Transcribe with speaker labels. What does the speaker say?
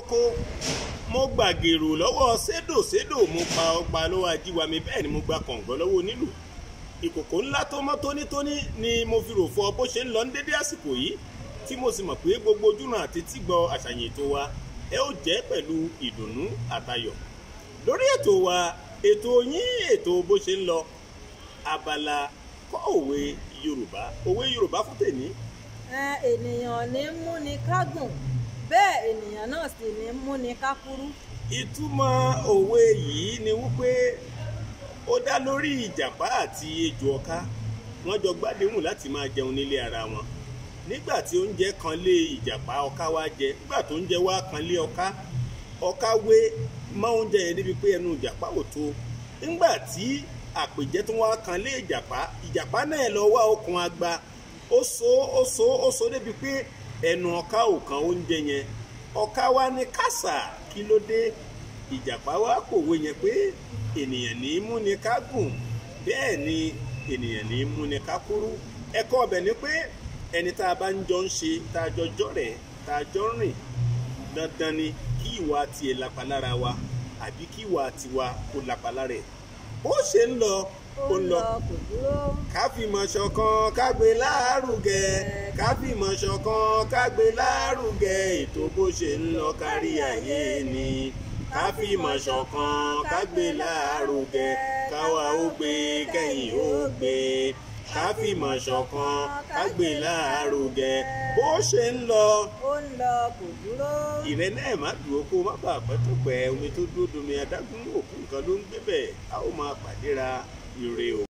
Speaker 1: kókó mo gbàgèrò lọ́wọ́ sédòsédò mo pa ọgbà lọ́wọ́ ajíwami bẹ́ẹ̀ ni mo gba kọ̀ǹgọ́ lọ́wọ́ onílù ìkòkò ńlá tó tónítóní ni mo fi rò fọ bó ṣe ń lọ ní dédé àsìkò yìí tí mo sì mọ̀ pé gbogbo ojúnà àti tígbọ́ àṣàyàn ètò wa ẹ ó jẹ́ pẹ̀lú ìdùnnú àtayọ̀ lórí ètò wa ètò yín ètò bó ṣe ń lọ abala kọ́ òwe Yorùbá òwe Yorùbá fún tèmi. ènìyàn ní múni kágùn bẹ́ẹ̀ ènìyàn náà sì ní múni kákúrú. ìtumọ̀ òwe yìí ni wípé ó dá lórí ìjàpá àti ejò ọká wọ́n jọ gbádùn láti máa jẹun nílé ara wọn nígbà tí oúnjẹ kan lé ìjàpá ọká wá jẹ nígbà tó oúnjẹ wá kan lé ọká ọká wé mọ oúnjẹ yẹn débi pé ẹnu ìjàpá ò tó nígbà tí àpèjẹ tó wá kan lé ìjàpá ìjàpá náà lọ wá okùn agba ó so ó so ó so débi pé ẹnu oka okan kan oúnjẹ yẹn ọ̀ká wa ni kásà kí ló dé ìjàpá wa kòwé yẹn pé ènìyàn ní í mú ni ká gùn bẹ́ẹ̀ ni ènìyàn ní í mú ni ká kúrú ẹ̀kọ́ ọbẹ̀ ni pé ẹni tá a bá ń jọ ń ṣe tá a jọ jọ́rẹ̀ tá a jọ rìn dandan ni kí ìwà tiẹ̀ wa àbí kí ìwà tiwa kó lápalára ẹ̀ ó ṣe ń lọ ó ń lọ kò dúró. ká fìmọ̀ ṣọ̀kan ká gbé lárugẹ ká fìmọ̀ ṣọ̀kan ká gbé lárugẹ ètò bó ṣe ń lọ kárí ayé ni ká fìmọ̀ ṣọ̀kan ká gbé lárugẹ káwa ó gbé kẹ́yìn ó gbé ká fìmọ̀ ṣọ̀kan ká gbé lárugẹ bó ṣe ń lọ. ó ń lọ kò dúró. ìrẹ́ náà má dúró kó má bàa pẹ́ tó pẹ́ omi tó dúró domi adágún òkú nǹkan ló ń gbé bẹ́ẹ̀ a ó máa pàdéra. e o Rio.